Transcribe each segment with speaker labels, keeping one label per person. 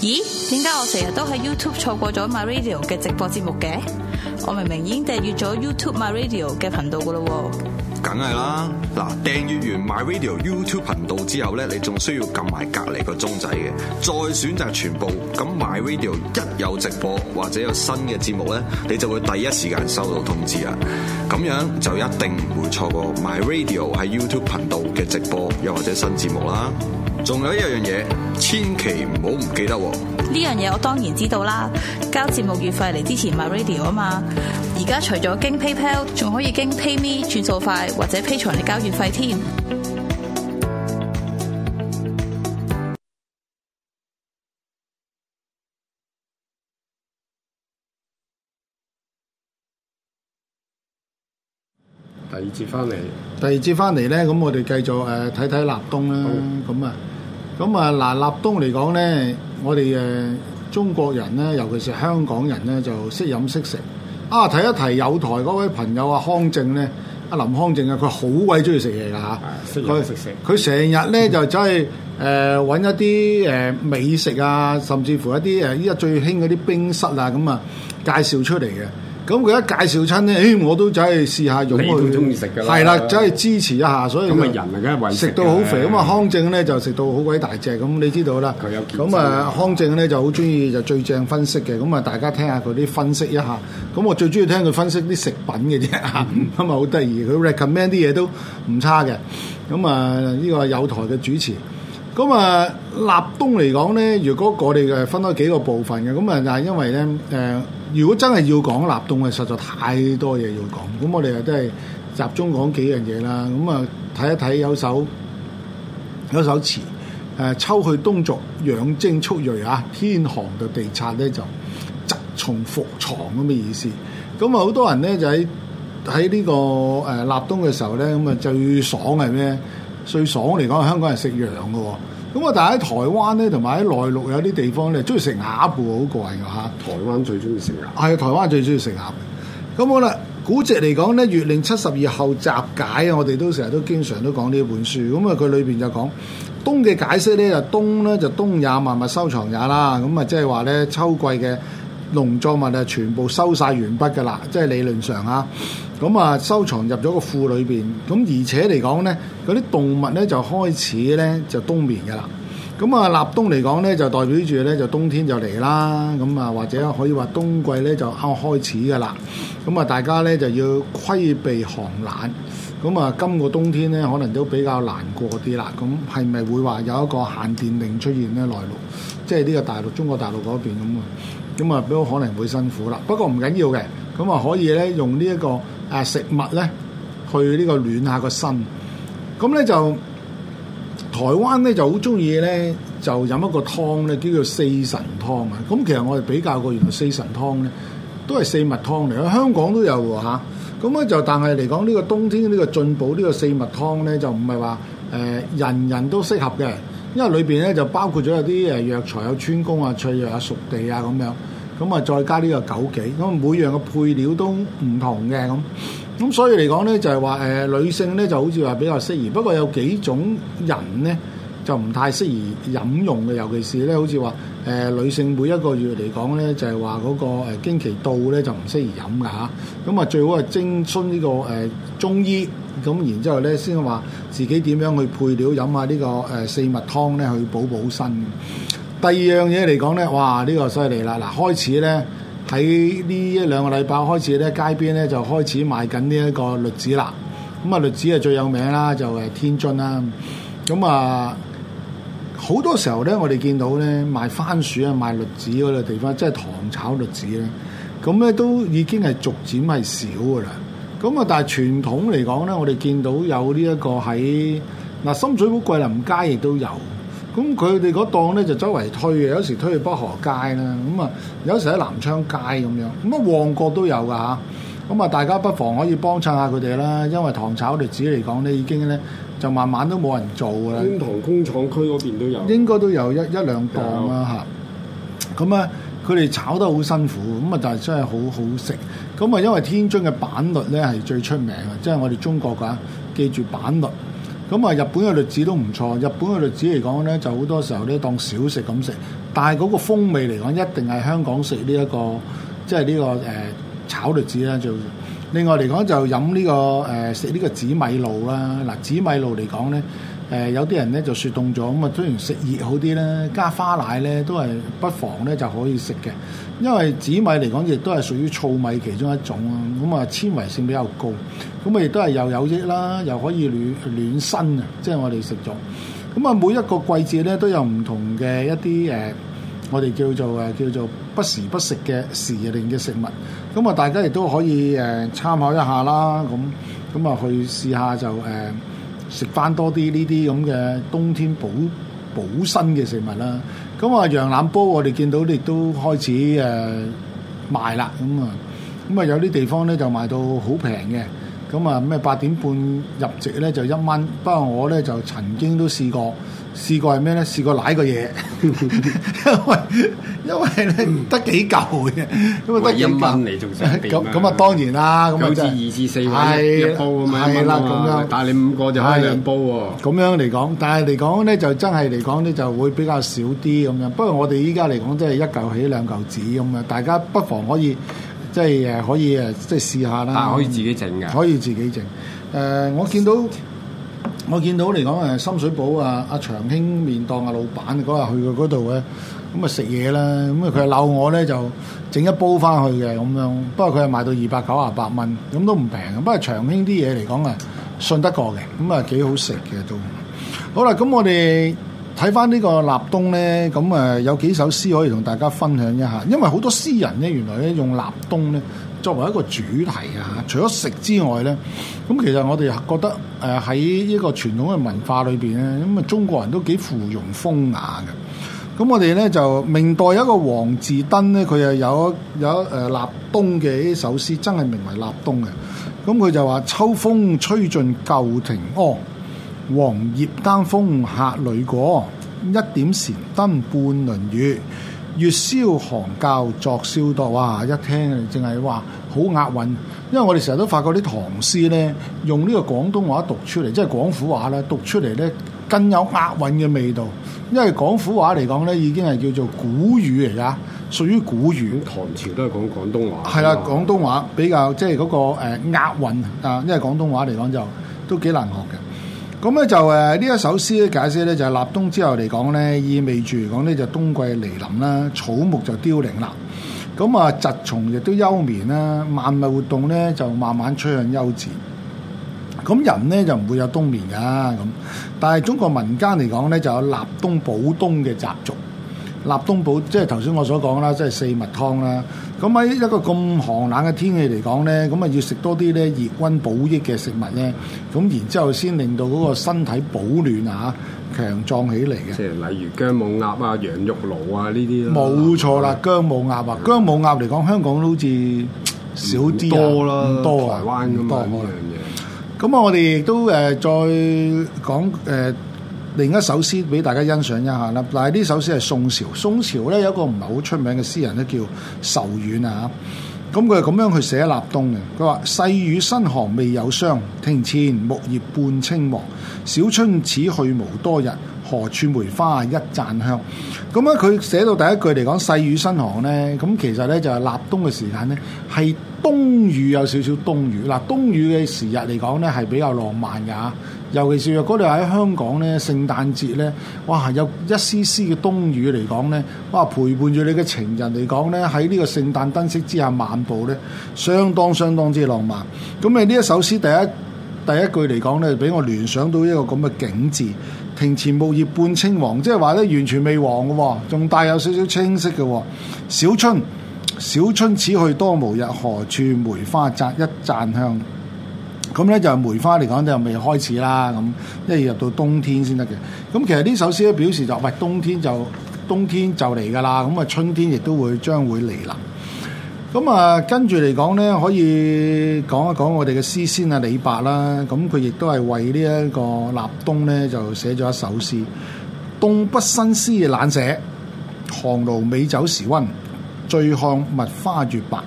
Speaker 1: 咦，點解我成日都喺 YouTube 錯過咗 My Radio 嘅直播節目嘅？我明明已經訂閱咗 YouTube My Radio 嘅頻道㗎喇喎。梗係啦，嗱訂閱完 My Radio YouTube 頻道之後咧，你仲需要撳埋隔離個鐘仔嘅，再選擇全部。咁 My Radio 一有直播或者有新嘅節目咧，你就會第一時間收到通知啊。咁樣就一定唔會錯過 My Radio 喺 YouTube 頻道嘅直播又或者新節目啦。仲有一樣嘢，千祈唔好唔記得。呢樣嘢我當然知道啦，交節目月費嚟之前買 Radio 啊嘛。而家除咗經 PayPal，仲可以經 PayMe 轉數快，或者 Patreon 嚟交月費添。
Speaker 2: 第二節翻嚟，第二節翻嚟咧，咁我哋繼續誒睇睇立冬啦。咁啊好～咁啊嗱，立冬嚟講咧，我哋誒中國人咧，尤其是香港人咧，就識飲識食。啊，提一提友台嗰位朋友啊，康正咧，阿林康正啊，佢好鬼中意食嘢噶嚇，佢食食，佢成日咧就走係誒揾一啲誒美食啊，甚至乎一啲誒依家最興嗰啲冰室啊咁啊，介紹出嚟嘅。咁佢一介紹親咧，誒、哎、我都走去試下用佢，
Speaker 1: 係啦，走去、
Speaker 2: 就是、支持一下，所以咁啊人嚟
Speaker 1: 梗係混食嘅。食到好肥，咁啊、嗯、
Speaker 2: 康正咧、嗯、就食到好鬼大隻，咁、嗯、的你知道啦。咁啊康，康正咧就好中意就最正分析嘅，咁啊大家聽下佢啲分析一下。咁我最中意聽佢分析啲食品嘅啫，嚇咁啊好得意。佢 recommend 啲嘢都唔差嘅，咁啊呢個友台嘅主持。咁啊，立冬嚟講咧，如果我哋誒分開幾個部分嘅，咁啊就係因為咧，誒、呃、如果真係要講立冬，係實在太多嘢要講，咁我哋啊真係集中講幾樣嘢啦。咁啊睇一睇有首有首詞，誒、呃、秋去冬來養精蓄銳啊，天寒到地擦咧就疾重伏藏咁嘅意思。咁啊好多人咧就喺喺呢個誒、呃、立冬嘅時候咧，咁啊最爽係咩？最爽嚟講，香港係食羊嘅喎，咁啊，但係喺台灣咧，同埋喺內陸有啲地方咧，中意食鴨不過好過嘅吓。台灣最中意食鴨，係台灣最中意食鴨。咁好啦，古籍嚟講咧，《月令七十二候集解》啊，我哋都成日都經常都講呢本書。咁啊，佢裏邊就講冬嘅解釋咧，就冬咧就冬也萬物收藏也啦。咁啊，即係話咧，秋季嘅農作物啊，全部收晒完畢嘅啦，即係理論上啊。咁啊，收藏入咗個庫裏邊，咁而且嚟講咧，嗰啲動物咧就開始咧就冬眠嘅啦。咁啊，立冬嚟講咧就代表住咧就冬天就嚟啦。咁啊，或者可以話冬季咧就啱開始嘅啦。咁啊，大家咧就要規避寒冷。咁啊，今個冬天咧可能都比較難過啲啦。咁係咪會話有一個限電令出現咧？內陸，即係呢個大陸，中國大陸嗰邊咁啊，咁啊都可能會辛苦啦。不過唔緊要嘅，咁啊可以咧用呢一個。誒、啊、食物咧，去呢個暖下個身，咁咧就台灣咧就好中意咧，就飲一個湯咧，叫做四神湯啊。咁其實我哋比較過，原來四神湯咧都係四物湯嚟，香港都有㗎。咁咧就但係嚟講呢個冬天呢、呢個進補呢個四物湯咧，就唔係話誒人人都適合嘅，因為裏邊咧就包括咗有啲誒藥材有川芎啊、芍藥啊、熟地啊咁樣。咁啊，再加呢個枸杞，咁每樣嘅配料都唔同嘅咁，咁所以嚟講咧，就係話誒女性咧就好似話比較適宜，不過有幾種人咧就唔太適宜飲用嘅，尤其是咧好似話誒女性每一個月嚟講咧就係話嗰個誒經期到咧就唔適宜飲噶嚇，咁啊最好係徵詢呢、這個誒、呃、中醫，咁然之後咧先話自己點樣去配料飲下、這個呃、呢個誒四物湯咧去補補身。第二樣嘢嚟講咧，哇！呢、這個犀利啦，嗱開始咧喺呢一兩個禮拜開始咧，街邊咧就開始賣緊呢一個栗子啦。咁、嗯、啊，栗子啊最有名啦，就誒、係、天津啦。咁、嗯、啊，好、嗯、多時候咧，我哋見到咧賣番薯啊、賣栗子嗰個地方，即係糖炒栗子咧。咁、嗯、咧都已經係逐漸係少噶啦。咁、嗯、啊，但係傳統嚟講咧，我哋見到有呢一個喺嗱、嗯、深水埗桂林街亦都有。咁佢哋嗰檔咧就周圍推嘅，有時推去北河街啦，咁啊有時喺南昌街咁樣，咁啊旺角都有噶嚇，咁啊大家不妨可以幫襯下佢哋啦，因為糖炒栗子嚟講咧已經咧就慢慢都冇人做啦。觀塘工廠區嗰邊都有。應該都有一一兩檔啦吓，咁有啊，佢哋炒得好辛苦，咁啊但係真係好好食。咁啊因為天津嘅板栗咧係最出名嘅，即係我哋中國嘅，記住板栗。咁啊，日本嘅栗子都唔錯。日本嘅栗子嚟講咧，就好多時候咧當小食咁食，但係嗰個風味嚟講，一定係香港食呢一個，即係呢、呢個誒、呃、炒栗子啦。就另外嚟講、呢個，就飲呢個誒食呢個紫米露啦。嗱、啊，紫米露嚟講咧。誒、呃、有啲人咧就雪凍咗，咁啊雖然食熱好啲啦，加花奶咧都係不妨咧就可以食嘅，因為紫米嚟講亦都係屬於糙米其中一種啊，咁啊纖維性比較高，咁啊亦都係又有益啦，又可以暖暖身啊。即係我哋食咗。咁、嗯、啊每一個季節咧都有唔同嘅一啲誒、呃，我哋叫做誒叫做不時不食嘅時令嘅食物。咁、嗯、啊、嗯、大家亦都可以誒參、呃、考一下啦，咁咁啊去試下就誒。呃呃食翻多啲呢啲咁嘅冬天補補身嘅食物啦。咁、嗯、啊，羊腩煲我哋見到亦都開始誒、呃、賣啦。咁啊，咁啊有啲地方咧就賣到好平嘅。咁啊咩八點半入席咧就一蚊。不過我咧就曾經都試過。試過係咩咧？試過攋個嘢，因為因為咧唔得幾嚿嘅，因為得一蚊嚟，仲咁咁啊？當然啦，好似二至四，係一煲咁蚊啊嘛。但係你五個就開兩煲喎。咁樣嚟講，但係嚟講咧就真係嚟講咧就會比較少啲咁樣。不過我哋依家嚟講，即係一嚿起兩嚿紙咁樣，大家不妨可以即係誒可以誒即係試下啦。可以自己整嘅。可以自己整。誒，我見到。我見到嚟講誒深水埗啊，阿長興麵檔啊，啊老闆嗰日去佢嗰度咧，咁啊食嘢啦，咁啊佢鬧我咧就整一煲翻去嘅咁樣，不過佢係賣到二百九十八蚊，咁都唔平。不過長興啲嘢嚟講啊，信得過嘅，咁啊幾好食嘅都。好啦，咁我哋睇翻呢個立冬咧，咁啊有幾首詩可以同大家分享一下，因為好多詩人咧原來咧用立冬咧。作為一個主題啊，除咗食之外呢，咁其實我哋覺得誒喺一個傳統嘅文化裏邊咧，咁啊中國人都幾附庸風雅嘅。咁我哋呢，就明代有一個王稚登咧，佢又有有誒、呃、立冬嘅呢首詩，真係名為立冬嘅。咁佢就話：秋風吹盡舊庭柯，黃葉丹楓客裏過，一點禪燈半輪月，月宵寒教作燒多，哇！一聽啊，淨係話好押韻，因為我哋成日都發覺啲唐詩咧，用呢個廣東話讀出嚟，即係廣府話咧，讀出嚟咧更有押韻嘅味道。因為廣府話嚟講咧，已經係叫做古語嚟㗎，屬於古語。唐朝都係講廣東話。係啦、啊，廣東話比較即係嗰、那個誒、呃、押韻啊，因為廣東話嚟講就都幾難學嘅。咁咧就誒呢一首詩咧，解釋咧就係立冬之後嚟講咧，意味住嚟講咧就冬季嚟臨啦，草木就凋零啦，咁啊，雜蟲亦都休眠啦，萬物活動咧就慢慢趨向休止。咁人咧就唔會有冬眠噶，咁，但係中國民間嚟講咧就有立冬補冬嘅習俗，立冬補即係頭先我所講啦，即係四物湯啦。咁喺一個咁寒冷嘅天氣嚟講咧，咁啊要食多啲咧熱溫補益嘅食物咧，咁然之後先令到嗰個身體保暖啊強壯起嚟嘅。即係例如薑母鴨啊、羊肉爐啊呢啲咯。冇錯啦，薑母鴨啊，薑母鴨嚟講，香港都好似少啲多啦，多台灣咁多樣嘢。咁我哋亦都誒再講誒。另一首詩俾大家欣賞一下啦，嗱呢首詩係宋朝，宋朝咧有一個唔係好出名嘅詩人咧叫仇遠啊，咁佢係咁樣去寫立冬嘅，佢話細雨新寒未有霜，庭前木葉半青黃，小春此去無多日，何處梅花一綻香。咁咧佢寫到第一句嚟講細雨新寒咧，咁其實咧就係立冬嘅時間咧係冬雨有少少冬雨，嗱冬雨嘅時日嚟講咧係比較浪漫㗎。尤其是若果你喺香港咧，聖誕節咧，哇，有一絲絲嘅冬雨嚟講咧，哇，陪伴住你嘅情人嚟講咧，喺呢個聖誕燈飾之下漫步咧，相當相當之浪漫。咁你呢一首詩第一第一句嚟講咧，俾我聯想到一個咁嘅景致：庭前木葉半青黃，即係話咧完全未黃嘅喎，仲帶有少少青色嘅喎。小春小春此去多無日，何處梅花宅一綻香。咁咧就梅花嚟講就未開始啦，咁一入到冬天先得嘅。咁其實呢首詩咧表示就，喂，冬天就冬天就嚟㗎啦，咁啊春天亦都會將會嚟啦。咁啊跟住嚟講咧，可以講一講我哋嘅詩仙啊李白啦。咁佢亦都係為呢一個立冬咧就寫咗一首詩：凍筆新詩嘅懶寫，寒爐美酒時温，醉看墨花月白，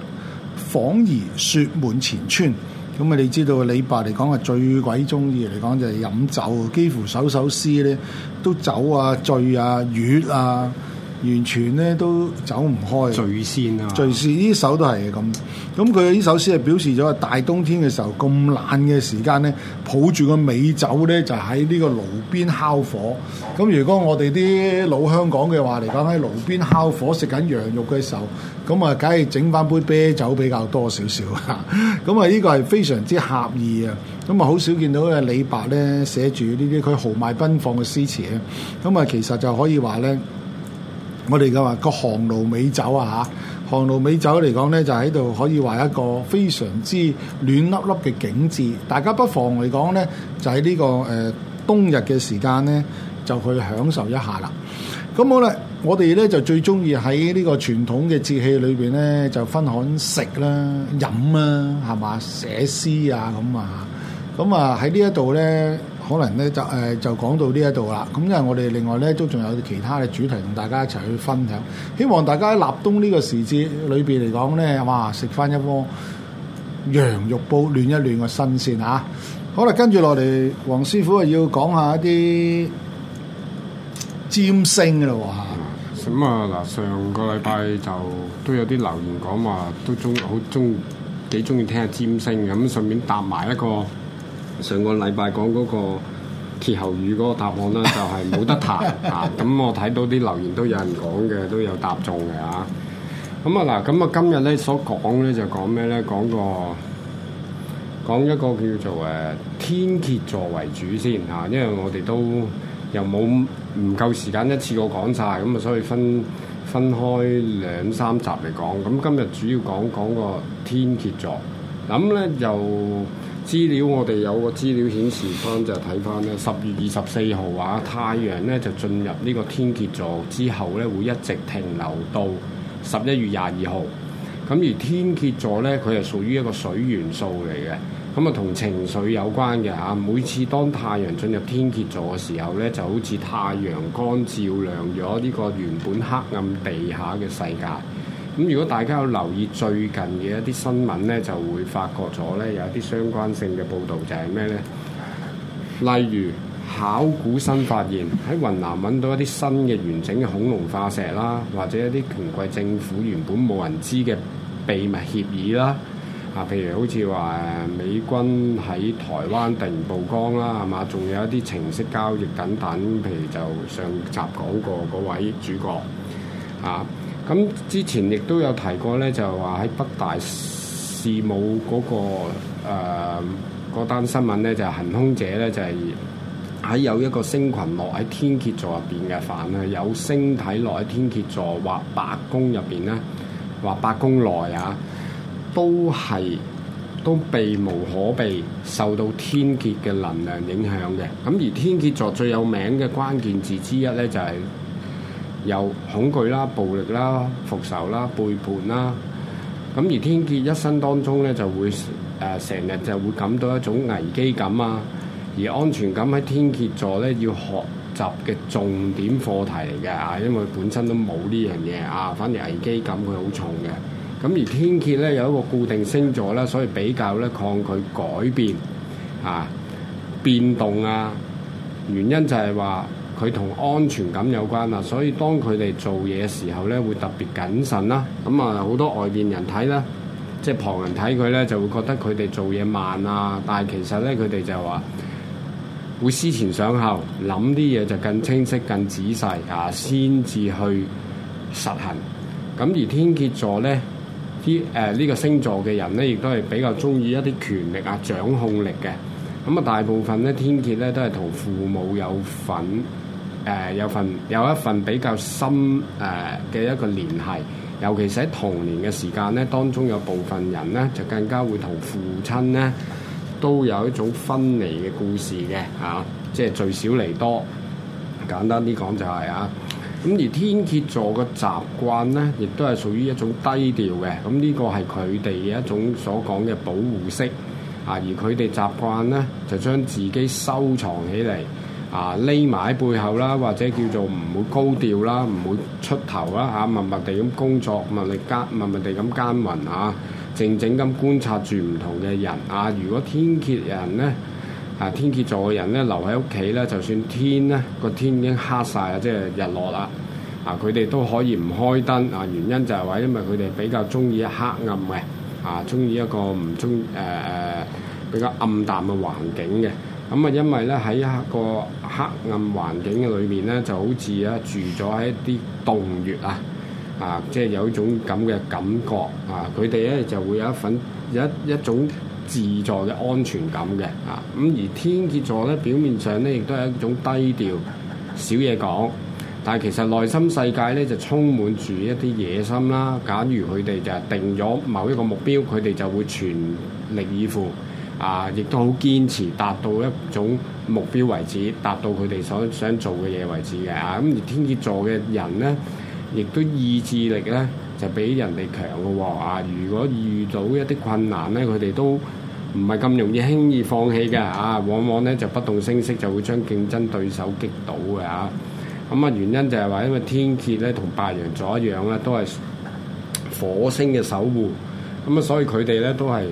Speaker 2: 恍疑雪滿前村。咁啊！你知道李白嚟講啊，最鬼中意嚟講就係飲酒，幾乎首首詩咧都酒啊、醉啊、月啊，完全咧都走唔開。醉仙啊醉仙呢首都係咁。咁佢呢首詩係表示咗大冬天嘅時候咁冷嘅時間咧，抱住個美酒咧就喺呢個爐邊烤火。咁如果我哋啲老香港嘅話嚟講，喺爐邊烤火食緊羊肉嘅時候。咁啊，梗係整翻杯啤酒比較多少少啊！咁啊，呢個係非常之合意啊！咁啊，好少見到嘅李白咧寫住呢啲佢豪邁奔放嘅詩詞嘅。咁啊，其實就可以話咧，我哋嘅話個寒露美酒啊嚇，寒露美酒嚟講咧就喺度可以話一個非常之暖粒粒嘅景致。大家不妨嚟講咧，就喺呢個誒冬日嘅時間咧，就去享受一下啦。咁好啦，我哋咧就最中意喺呢個傳統嘅節氣裏邊咧，就分享食啦、飲啦，係嘛？寫詩啊，咁啊，咁啊喺呢一度咧，可能咧就誒、呃、就講到呢一度啦。咁因為我哋另外咧都仲有其他嘅主題同大家一齊去分享，希望大家喺立冬呢個時節裏邊嚟講咧，哇！食翻一鍋羊肉煲暖一暖個身先嚇、啊。好啦，跟住落嚟，黃師傅要講下一啲占星嘅咯喎，咁啊，嗱，上
Speaker 1: 個禮拜就都有啲留言講話都中意好中意幾中意聽下占星。咁、啊，順便答埋一個上、個禮拜講嗰個歇後語嗰個答案咧、啊，就係、係、冇得彈 啊！咁、嗯、我睇到啲留言都有人講嘅，都有答中嘅嚇、啊。咁啊嗱，咁啊，啊今日咧所講咧就講咩咧？講個講一個叫做誒、啊、天蠍座為主先嚇、啊，因為我哋都。又冇唔夠時間一次過講晒，咁啊所以分分開兩三集嚟講。咁今日主要講講個天蠍座。咁咧由資料我哋有個資料顯示翻，就睇翻咧十月二十四號啊，太陽咧就進入呢個天蠍座之後咧會一直停留到十一月廿二號。咁而天蠍座咧，佢係屬於一個水元素嚟嘅。咁啊，同情緒有關嘅嚇。每次當太陽進入天蠍座嘅時候咧，就好似太陽光照亮咗呢個原本黑暗地下嘅世界。咁如果大家有留意最近嘅一啲新聞咧，就會發覺咗咧有一啲相關性嘅報導就係咩咧？例如考古新發現喺雲南揾到一啲新嘅完整嘅恐龍化石啦，或者一啲權貴政府原本冇人知嘅秘密協議啦。啊，譬如好似話誒，美軍喺台灣突然曝光啦，係嘛？仲有一啲情色交易等等，譬如就上集講過嗰位主角，啊，咁之前亦都有提過咧，就話喺北大試舞嗰個誒嗰、呃、單新聞咧，就係、行兇者咧就係、是、喺有一個星群落喺天蠍座入邊嘅範啦，有星體落喺天蠍座或八宮入邊咧，或八宮內啊。都係都避無可避，受到天蠍嘅能量影響嘅。咁而天蠍座最有名嘅關鍵字之一呢，就係、是、有恐懼啦、暴力啦、復仇啦、背叛啦。咁而天蠍一生當中呢，就會誒成日就會感到一種危機感啊。而安全感喺天蠍座呢，要學習嘅重點課題嚟嘅啊，因為本身都冇呢樣嘢啊，反而危機感會好重嘅。咁而天蠍咧有一個固定星座啦，所以比較咧抗拒改變啊變動啊。原因就係話佢同安全感有關啦，所以當佢哋做嘢嘅時候咧，會特別謹慎啦。咁啊，好多外邊人睇啦，即係旁人睇佢咧，就會覺得佢哋做嘢慢啊。但係其實咧，佢哋就話會思前想後，諗啲嘢就更清晰、更仔細啊，先至去實行。咁啊，而天蠍座咧～啲誒呢個星座嘅人咧，亦都係比較中意一啲權力啊、掌控力嘅。咁、嗯、啊，大部分咧天蠍咧都係同父母有份誒、呃、有份有一份比較深誒嘅、呃、一個聯繫。尤其是喺童年嘅時間咧，當中有部分人咧就更加會同父親咧都有一種分離嘅故事嘅嚇、啊，即係聚少離多。簡單啲講就係、是、啊。咁而天蠍座嘅習慣咧，亦都係屬於一種低調嘅。咁呢個係佢哋嘅一種所講嘅保護色，啊。而佢哋習慣咧，就將自己收藏起嚟啊，匿埋喺背後啦，或者叫做唔會高調啦，唔會出頭啦嚇，默默地咁工作，默默地間，默默地咁耕耘嚇、啊，靜靜咁觀察住唔同嘅人啊。如果天蠍人咧，啊，天蠍座嘅人咧，留喺屋企咧，就算天咧個天已經黑晒，啊，即係日落啦。啊，佢哋都可以唔開燈啊，原因就係話，因為佢哋比較中意黑暗嘅，啊，中意一個唔中誒誒比較暗淡嘅環境嘅。咁啊，因為咧喺一個黑暗環境裏面咧，就好似啊住咗喺啲洞穴啊，啊，即係有一種咁嘅感覺啊。佢哋咧就會有一份一一種自助嘅安全感嘅啊，咁而天蠍座咧，表面上咧亦都係一種低調少嘢講，但係其實內心世界咧就充滿住一啲野心啦。假如佢哋就係定咗某一個目標，佢哋就會全力以赴啊，亦都好堅持達到一種目標為止，達到佢哋所想做嘅嘢為止嘅啊。咁而天蠍座嘅人咧，亦都意志力咧就比人哋強嘅喎啊！如果遇到一啲困難咧，佢哋都唔係咁容易輕易放棄㗎、啊，往往咧就不動聲色就會將競爭對手擊倒㗎。咁啊原因就係話，因為天蠍咧同白羊座一樣咧，都係火星嘅守護，咁啊所以佢哋咧都係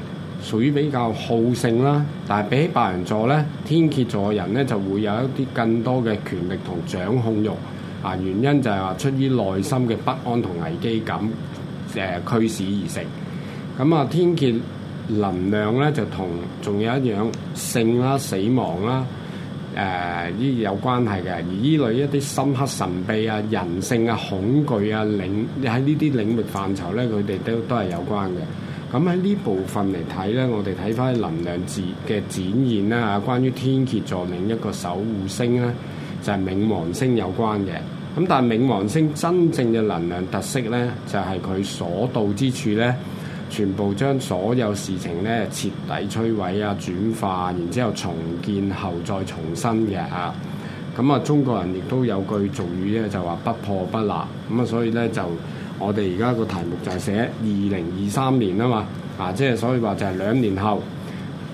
Speaker 1: 屬於比較好勝啦、啊。但係比起白羊座咧，天蠍座嘅人咧就會有一啲更多嘅權力同掌控欲啊。原因就係話出於內心嘅不安同危機感嘅、啊、驅使而成。咁啊天蠍。能量咧就同仲有一樣性啦、死亡啦，誒呢有關係嘅。而呢類一啲深刻神秘啊、人性啊、恐懼啊領，喺呢啲領域範疇咧，佢哋都都係有關嘅。咁喺呢部分嚟睇咧，我哋睇翻能量字嘅展現啦，啊，關於天蠍座另一個守護星咧，就係冥王星有關嘅。咁但係冥王星真正嘅能量特色咧，就係佢所到之處咧。全部將所有事情咧徹底摧毀啊，轉化、啊，然之後重建後再重生嘅啊！咁、嗯、啊，中國人亦都有句俗語咧，就話不破不立。咁、嗯、啊，所以咧就我哋而家個題目就係寫二零二三年啊嘛啊，即係所以話就係兩年後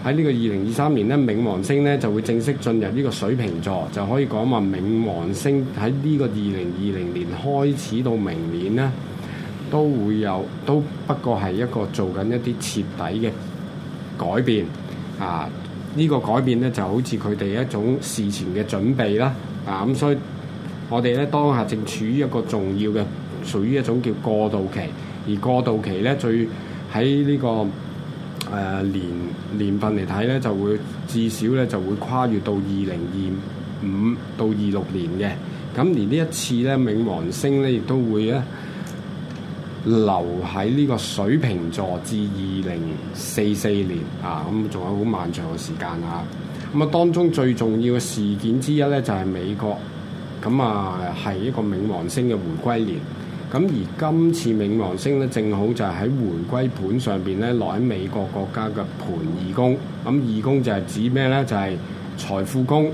Speaker 1: 喺呢個二零二三年咧，冥王星咧就會正式進入呢個水瓶座，就可以講話冥王星喺呢個二零二零年開始到明年咧。都會有，都不過係一個做緊一啲徹底嘅改變。啊，呢、這個改變咧就好似佢哋一種事前嘅準備啦。啊，咁所以我哋咧當下正處於一個重要嘅屬於一種叫過渡期，而過渡期咧最喺呢、這個誒、呃、年年份嚟睇咧，就會至少咧就會跨越到二零二五到二六年嘅。咁連呢一次咧，冥王星咧亦都會咧。留喺呢個水瓶座至二零四四年啊，咁仲有好漫長嘅時間啊！咁啊，當中最重要嘅事件之一咧，就係、是、美國咁啊，係一個冥王星嘅回歸年。咁而今次冥王星咧，正好就喺回歸盤上邊咧，落喺美國國家嘅盤二宮。咁、啊、二宮就係指咩咧？就係、是、財富宮。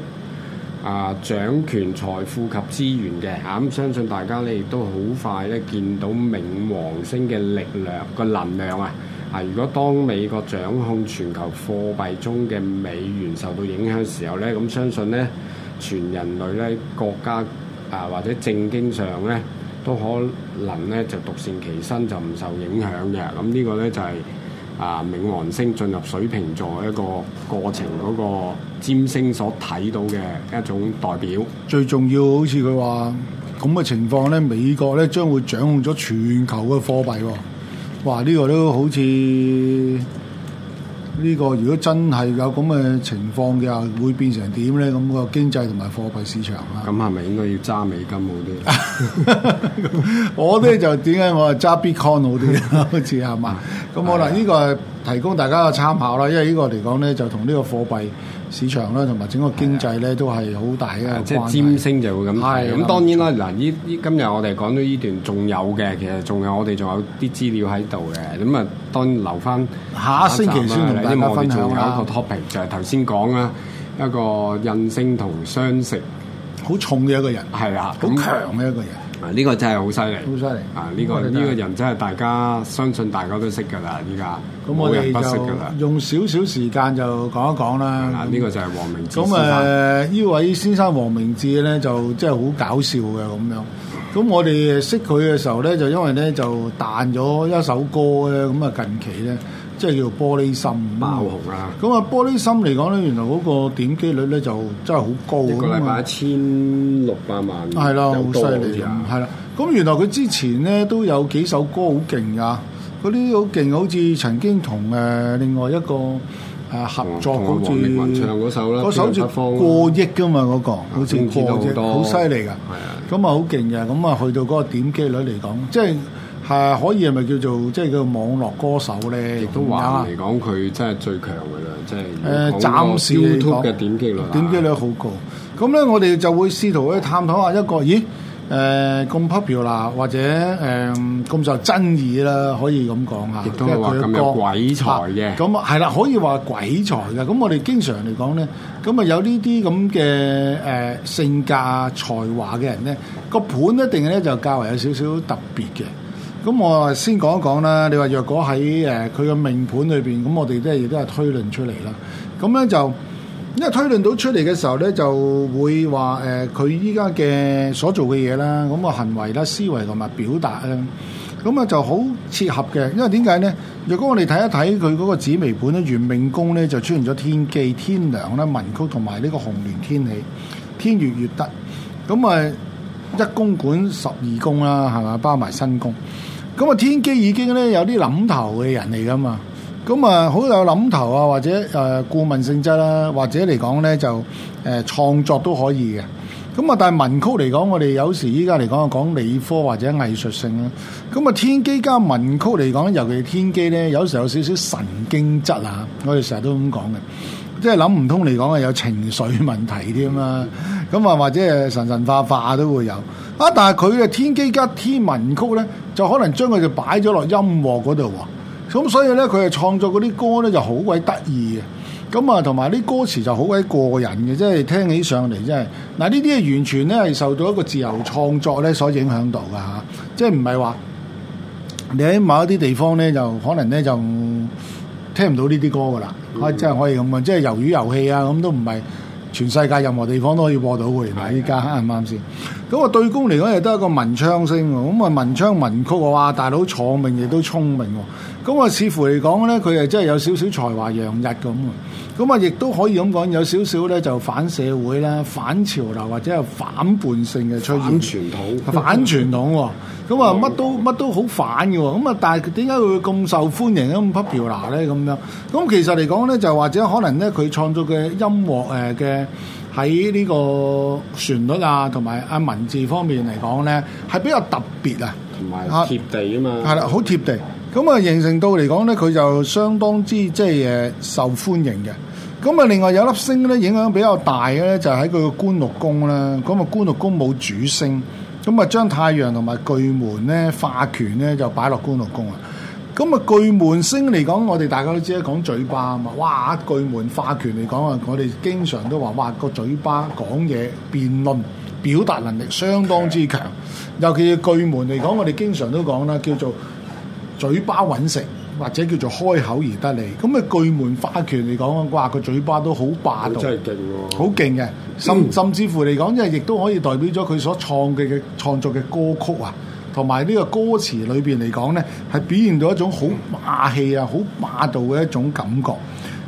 Speaker 1: 啊！掌權財富及資源嘅嚇，咁、啊、相信大家咧亦都好快咧見到冥王星嘅力量個能量啊！啊，如果當美國掌控全球貨幣中嘅美元受到影響時候咧，咁、啊、相信咧全人類咧國家啊或者政經上咧都可能咧就獨善其身就唔受影響嘅。咁、啊這個、呢個咧就係、是、啊冥王星進入水瓶座一個過程嗰、那個。占星所睇到嘅一種代
Speaker 2: 表，最重要好似佢話咁嘅情況咧，美國咧將會掌控咗全球嘅貨幣喎。哇！呢個都好似呢個，如果真係有咁嘅情況嘅話，會變成點咧？咁個經濟同埋貨幣市場啊，
Speaker 1: 咁係咪應該要揸美金好啲？
Speaker 2: 我咧就點解我係揸 Bitcoin 好啲？好似係嘛？咁好啦，嗯、呢個係。提供大家嘅參考啦，因為呢個嚟講咧，就同呢個貨幣市場啦，同埋整個經濟咧，的都係好大嘅一個關係。即係尖
Speaker 1: 星就會咁。係，咁當然啦。嗱，依依今日我哋講咗呢段，仲有嘅，其實仲有我哋仲有啲資料喺度嘅。咁啊，當然留翻下一下星期先同大家分享一,一個 topic，吧就係頭先講啦，一個印星同相食，好重嘅一個人，係啊，好強嘅一個人。呢個真係好犀利，好犀利！啊！呢、這個呢、嗯、個人真係大家相信大家都我識㗎啦，依家冇人唔識㗎啦。
Speaker 2: 用少少時間就講一講啦。呢個就係黃明志。咁誒，呢、呃、位先生黃明志咧，就真係好搞笑嘅咁樣。咁我哋識佢嘅時候咧，就因為咧就彈咗一首歌咧，咁啊近期咧。即係叫做玻璃心爆紅啊！咁啊，玻璃心嚟講咧，原來嗰個點擊率咧就真係好高，一個禮拜一千六百萬，係啦，好犀利啊！啦，咁原來佢之前咧都有幾首歌好勁噶，嗰啲好勁，好似曾經同誒另外一個誒合作，文長好似唱嗰首啦，嗰首就過億噶嘛嗰個，好似好犀利噶，係啊！咁啊、嗯，好勁嘅，咁啊，去到嗰個點擊率嚟講，即係。係可以係咪叫做即係叫網絡歌手咧？亦都話嚟
Speaker 1: 講，佢、嗯、真係最強嘅啦，即係暫時 YouTube 嘅點擊率，點
Speaker 2: 擊率好高。咁咧、嗯，我哋就會試圖去探討一下一個，咦？誒、呃、咁 popular 或者誒咁、呃、受爭議啦，可以咁講下。亦都話咁有鬼才嘅，咁係啦，可以話鬼才嘅。咁我哋經常嚟講咧，咁啊有呢啲咁嘅誒性格、才華嘅人咧，個盤一定咧就較為有少少特別嘅。咁我先講一講啦。你話若果喺誒佢嘅命盤裏邊，咁我哋都係亦都係推論出嚟啦。咁咧就因為推論到出嚟嘅時候咧，就會話誒佢依家嘅所做嘅嘢啦，咁、呃、個行為啦、思維同埋表達啦，咁啊就好切合嘅。因為點解咧？若果我哋睇一睇佢嗰個紫微盤咧，原命宮咧就出現咗天機、天梁、啦、文曲同埋呢個紅鸞天喜、天月月德。咁啊一宮管十二宮啦，係咪包埋身宮。咁啊，天機已經咧有啲諗頭嘅人嚟噶嘛，咁啊好有諗頭啊，或者誒顧問性質啦，或者嚟講咧就誒創作都可以嘅。咁啊，但係文曲嚟講，我哋有時依家嚟講啊，講理科或者藝術性啦。咁啊，天機加文曲嚟講，尤其天機咧，有時有少少神經質啊，我哋成日都咁講嘅，即係諗唔通嚟講啊，有情緒問題添啊。咁啊，或者誒神神化化都會有。啊！但係佢嘅天機加天文曲咧，就可能將佢哋擺咗落音樂嗰度喎。咁所以咧，佢係創作嗰啲歌咧，就好鬼得意嘅。咁啊，同埋啲歌詞就好鬼過癮嘅，即係聽起上嚟即係。嗱呢啲係完全咧係受到一個自由創作咧所影響到噶吓，即係唔係話你喺某一啲地方咧就可能咧就聽唔到呢啲歌噶啦。可即係可以咁樣，即係魷魚遊戲啊，咁都唔係。全世界任何地方都可以播到喎，而家啱唔啱先？咁啊 對，對公嚟講亦都係一個文昌星，咁啊文昌文曲嘅話大佬坐命聰，亦都聰明，咁啊似乎嚟講咧佢誒真係有少少才華洋溢咁咁啊，亦都可以咁講，有少少咧就反社會啦、反潮流或者係反叛性嘅出現，反傳統、反傳統喎，咁啊乜都乜都好反嘅喎，咁啊但係點解會咁受歡迎咁 popular 咧咁樣？咁其實嚟講咧，就或者可能咧佢創作嘅音樂誒嘅喺呢個旋律啊同埋啊文字方面嚟講咧係比較特別啊，同埋貼地啊嘛，係啦，好貼地，咁啊形成到嚟講咧佢就相當之即係誒受歡迎嘅。咁啊，另外有粒星咧，影響比較大嘅咧，就喺佢嘅官祿宮啦。咁啊，官祿宮冇主星，咁啊，將太陽同埋巨門咧化權咧，就擺落官祿宮啊。咁啊，巨門星嚟講，我哋大家都知咧，講嘴巴啊嘛。哇，巨門化權嚟講啊，我哋經常都話，哇，個嘴巴講嘢、辯論、表達能力相當之強，尤其是巨門嚟講，我哋經常都講啦，叫做嘴巴揾食。或者叫做開口而得利，咁啊，巨門化權嚟講，哇，個嘴巴都好霸道，真係
Speaker 1: 勁好
Speaker 2: 勁嘅，甚甚至乎嚟講，即係亦都可以代表咗佢所創嘅嘅創作嘅歌曲啊，同埋呢個歌詞裏邊嚟講咧，係表現到一種好霸氣啊、好、嗯、霸道嘅一種感覺。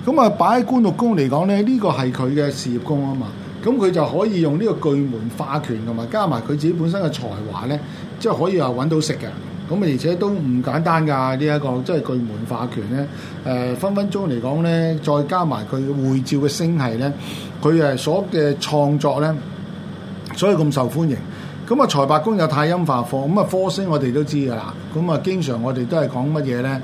Speaker 2: 咁、嗯、啊，擺喺官祿宮嚟講咧，呢個係佢嘅事業工啊嘛。咁佢就可以用呢個巨門化權同埋加埋佢自己本身嘅才華咧，即、就、係、是、可以話揾到食嘅。咁啊，而且都唔簡單㗎！呢、這、一個即係巨門化權咧，誒、呃、分分鐘嚟講咧，再加埋佢會照嘅聲氣咧，佢誒所嘅創作咧，所以咁受歡迎。咁啊，財帛宮有太陰化科，咁啊科星我哋都知㗎啦。咁啊，經常我哋都係講乜嘢咧？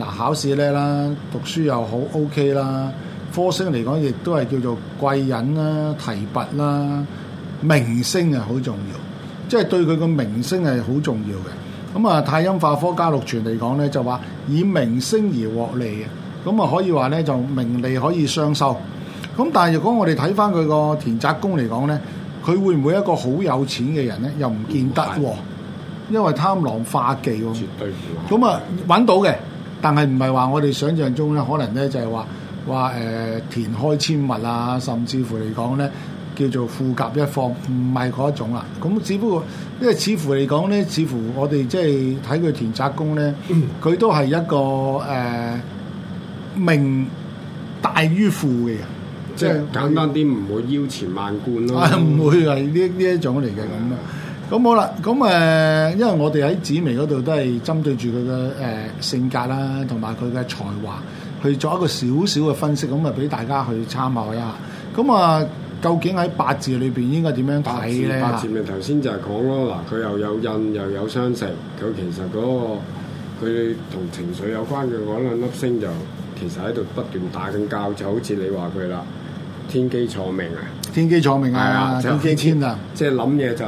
Speaker 2: 嗱、啊，考試咧啦，讀書又好 OK 啦。科星嚟講，亦都係叫做貴人啦、提拔啦、明星啊，好重要，即、就、係、是、對佢個名聲係好重要嘅。咁啊，太陰化科加祿存嚟講咧，就話以名聲而獲利嘅，咁啊可以話咧就名利可以雙收。咁但係如果我哋睇翻佢個田宅宮嚟講咧，佢會唔會一個好有錢嘅人咧？又唔見得喎，因為貪狼化忌喎。絕對唔會。咁啊揾到嘅，但係唔係話我哋想象中咧，可能咧就係話話誒田開千物啊，甚至乎嚟講咧。叫做富甲一方，唔係嗰一種啦。咁只不過，因為似乎嚟講咧，似乎我哋即係睇佢田宅宮咧，佢、嗯、都係一個誒、呃、名大於富嘅人。即係簡單啲，唔我、啊、會腰纏萬貫咯，唔會係呢呢一種嚟嘅咁啊。咁、嗯、好啦，咁誒，因為我哋喺紫微嗰度都係針對住佢嘅誒性格啦，同埋佢嘅才華，去做一個少少嘅分析，咁啊，俾大家去參考一下。咁啊。究竟喺八字裏邊應該點樣睇咧？八字八字咪
Speaker 1: 頭先就係講咯，嗱佢又有印又有傷食，佢其實嗰、那個佢同情緒有關嘅嗰兩粒星就其實喺度不斷打緊交，就好似你話佢啦，天機坐命啊，
Speaker 2: 天機坐命啊，天機遷
Speaker 1: 啊，即係諗嘢就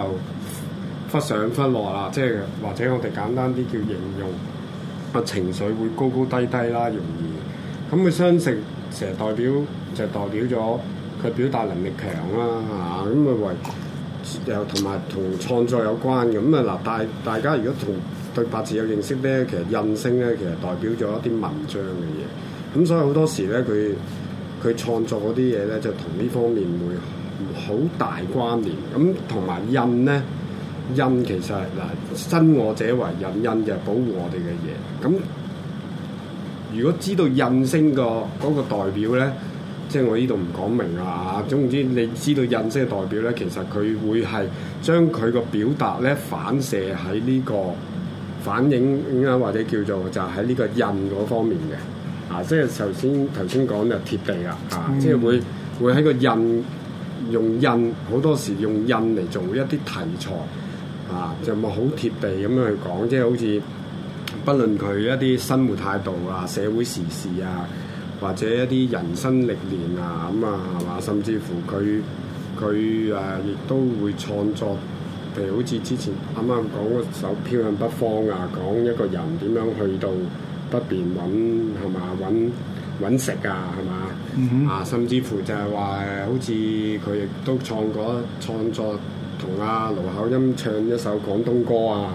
Speaker 1: 忽上忽落啦，即、就、係、是、或者我哋簡單啲叫形容個情緒會高高低低啦，容易咁佢傷食成日代表就係、代表咗。係表達能力強啦，嚇咁啊，為又同埋同創作有關嘅，咁啊嗱，大大家如果同對八字有認識咧，其實印星咧，其實代表咗一啲文章嘅嘢，咁、啊、所以好多時咧，佢佢創作嗰啲嘢咧，就同呢方面會好大關聯，咁同埋印咧，印其實嗱生、啊、我者為印，印就保護我哋嘅嘢，咁、啊、如果知道印星、嗰個代表咧。即係我呢度唔講明啊，總之，你知道印星代表咧，其實佢會係將佢個表達咧反射喺呢個反映點啊，或者叫做就喺呢個印嗰方面嘅啊。即係頭先頭先講就貼地啦，啊，即係、啊嗯、會會喺個印用印好多時用印嚟做一啲題材啊，就咪好貼地咁樣去講，即係好似不論佢一啲生活態度啊、社會時事啊。或者一啲人生歷練啊，咁啊係嘛？甚至乎佢佢誒亦都會創作，譬如好似之前啱啱講嗰首《漂向北方》啊，講一個人點樣去到北邊揾係嘛，揾揾食啊係嘛？嗯、哼啊，甚至乎就係話誒，好似佢亦都創過創作同阿、啊、盧巧音唱一首廣東歌啊，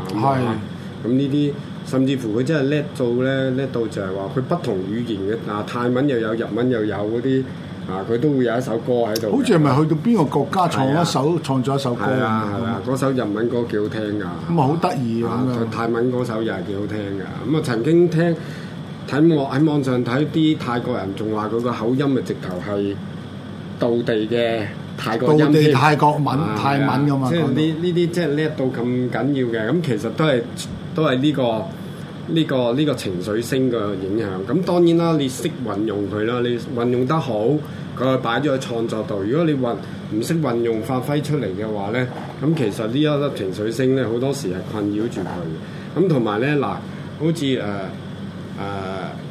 Speaker 1: 咁呢啲。嗯哼啊甚至乎佢真係叻到咧，叻到就係話佢不同語言嘅，啊泰文又有，日文又有嗰啲，啊佢都會有一首歌喺度。好似係咪去
Speaker 2: 到邊個國家創一首，啊、創作一首歌？啊係啊，嗰、
Speaker 1: 啊、首日文歌幾好聽㗎。咁、嗯、啊好得意啊泰文嗰首又係幾好聽㗎。咁、嗯、啊曾經聽睇我喺網上睇啲泰國人，仲話佢個口音咪直頭係道地嘅泰國。道地泰國文、啊啊、泰文咁嘛？即係呢呢啲即係叻到咁緊要嘅。咁其實都係都係呢、這個。呢、這個呢、這個情緒星嘅影響，咁當然啦，你識運用佢啦，你運用得好，佢擺咗喺創作度。如果你運唔識運用發揮出嚟嘅話咧，咁其實一呢一粒情緒星咧，好多時係困擾住佢。咁同埋咧嗱，好似誒誒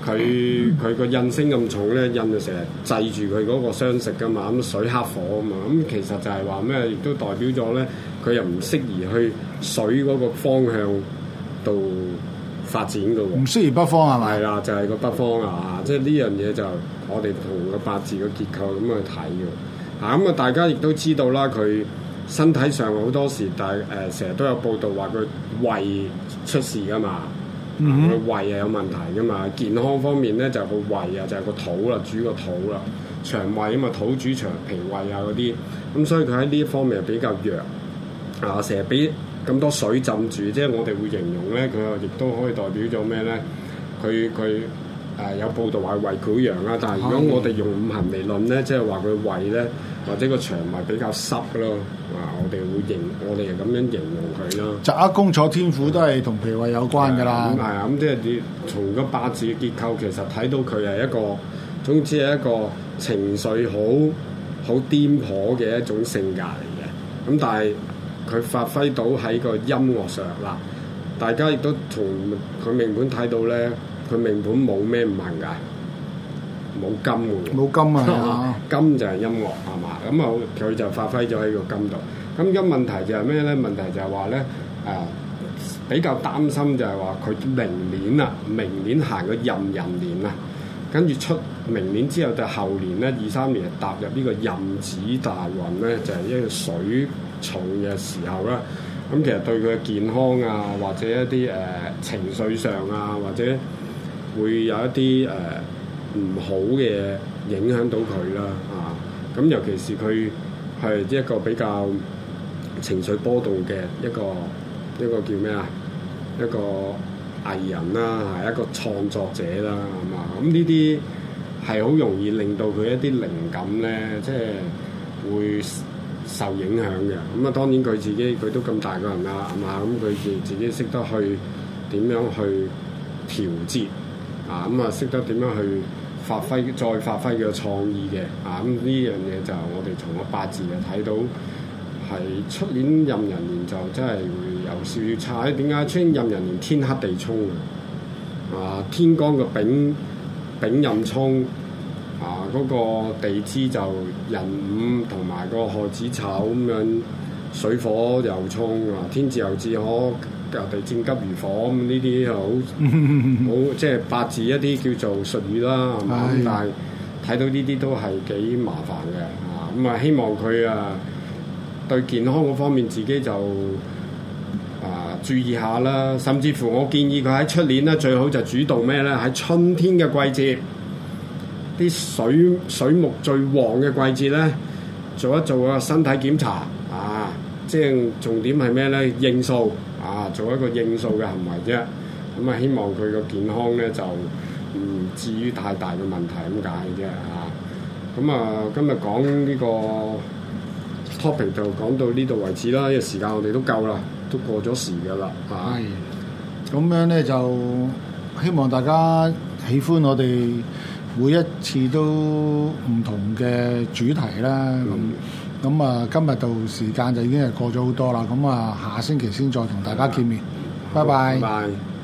Speaker 1: 佢佢個印星咁重咧，印就成日制住佢嗰個傷食噶嘛，咁、嗯、水克火啊嘛，咁、嗯、其實就係話咩？亦都代表咗咧，佢又唔適宜去水嗰個方向度。發展嘅喎，唔適宜北方係、啊、咪？係啦，就係、是、個北方啊！啊即係呢樣嘢就我哋同個八字個結構咁去睇嘅。啊，咁、嗯、啊，大家亦都知道啦，佢身體上好多時，但係誒，成、呃、日都有報道話佢胃出事㗎嘛。
Speaker 2: 佢、啊、
Speaker 1: 胃係有問題㗎嘛，健康方面咧就個、是、胃啊，就係、是、個肚啦、啊，主個肚啦、啊，腸胃咁、啊、嘛，肚主腸，脾胃啊嗰啲，咁、嗯、所以佢喺呢一方面係比較弱。啊，成日俾。咁多水浸住，即係我哋會形容咧，佢又亦都可以代表咗咩咧？佢佢誒有報道話胃潰瘍啦，但係如果我哋用五行理論咧，即係話佢胃咧或者個腸胃比較濕咯，啊，我哋會形我哋係咁樣形容佢咯。
Speaker 2: 宅宮坐天府都係同脾胃有關㗎啦。係啊、
Speaker 1: 呃，咁、嗯嗯、即係你從個八字嘅結構其實睇到佢係一個，總之係一個情緒好好顛簸嘅一種性格嚟嘅。咁、嗯、但係。佢發揮到喺個音樂上啦，大家亦都同佢命盤睇到咧，佢命盤冇咩唔行㗎，冇金㗎。冇
Speaker 2: 金啊！
Speaker 1: 金就係音樂係嘛？咁啊，佢、嗯、就發揮咗喺個金度。咁個問題就係咩咧？問題就係話咧，誒、呃、比較擔心就係話佢明年啊，明年行個壬寅年啊，跟住出明年之後就後年咧，二三年係踏入呢個壬子大運咧，就係、是、一個水，重嘅時候啦，咁其實對佢嘅健康啊，或者一啲誒、呃、情緒上啊，或者會有一啲誒唔好嘅影響到佢啦、啊，啊，咁尤其是佢係一個比較情緒波動嘅一個一個叫咩啊，一個藝人啦、啊，係、啊、一個創作者啦、啊，係、啊、嘛，咁呢啲係好容易令到佢一啲靈感咧，即、就、係、是、會受影響嘅，咁、嗯、啊，當然佢自己佢都咁大個人啦，係、啊、嘛？咁佢自自己識得去點樣去調節啊，咁啊識得點樣去發揮再發揮嘅創意嘅啊，咁、嗯、呢樣嘢就我哋從個八字就睇到係出年壬寅年就真係會有少少差。點解出壬寅年天剋地沖啊？天干嘅丙丙壬沖。啊！嗰、那個地支就壬午同埋個亥子丑咁樣，水火又衝啊！天戰猶自可，由地戰急如火咁呢啲又好，好即係八字一啲叫做術語啦。咁但係睇到呢啲都係幾麻煩嘅啊！咁、嗯、啊，希望佢啊對健康嗰方面自己就啊注意下啦。甚至乎我建議佢喺出年咧，最好就主動咩咧？喺春天嘅季節。啲水水木最旺嘅季節咧，做一做一個身體檢查啊，即係重點係咩咧？應數啊，做一個應數嘅行為啫。咁啊，希望佢個健康咧就唔至於太大嘅問題咁解啫啊。咁啊，今日講呢個 topic 就講到呢度為止啦，因為時間我哋都夠啦，都過咗時㗎啦啊。係，
Speaker 2: 咁樣咧就希望大家喜歡我哋。每一次都唔同嘅主題啦，咁咁啊，今日到時間就已經係過咗好多喇，咁啊，下星期先再同大家見面，拜拜。拜拜。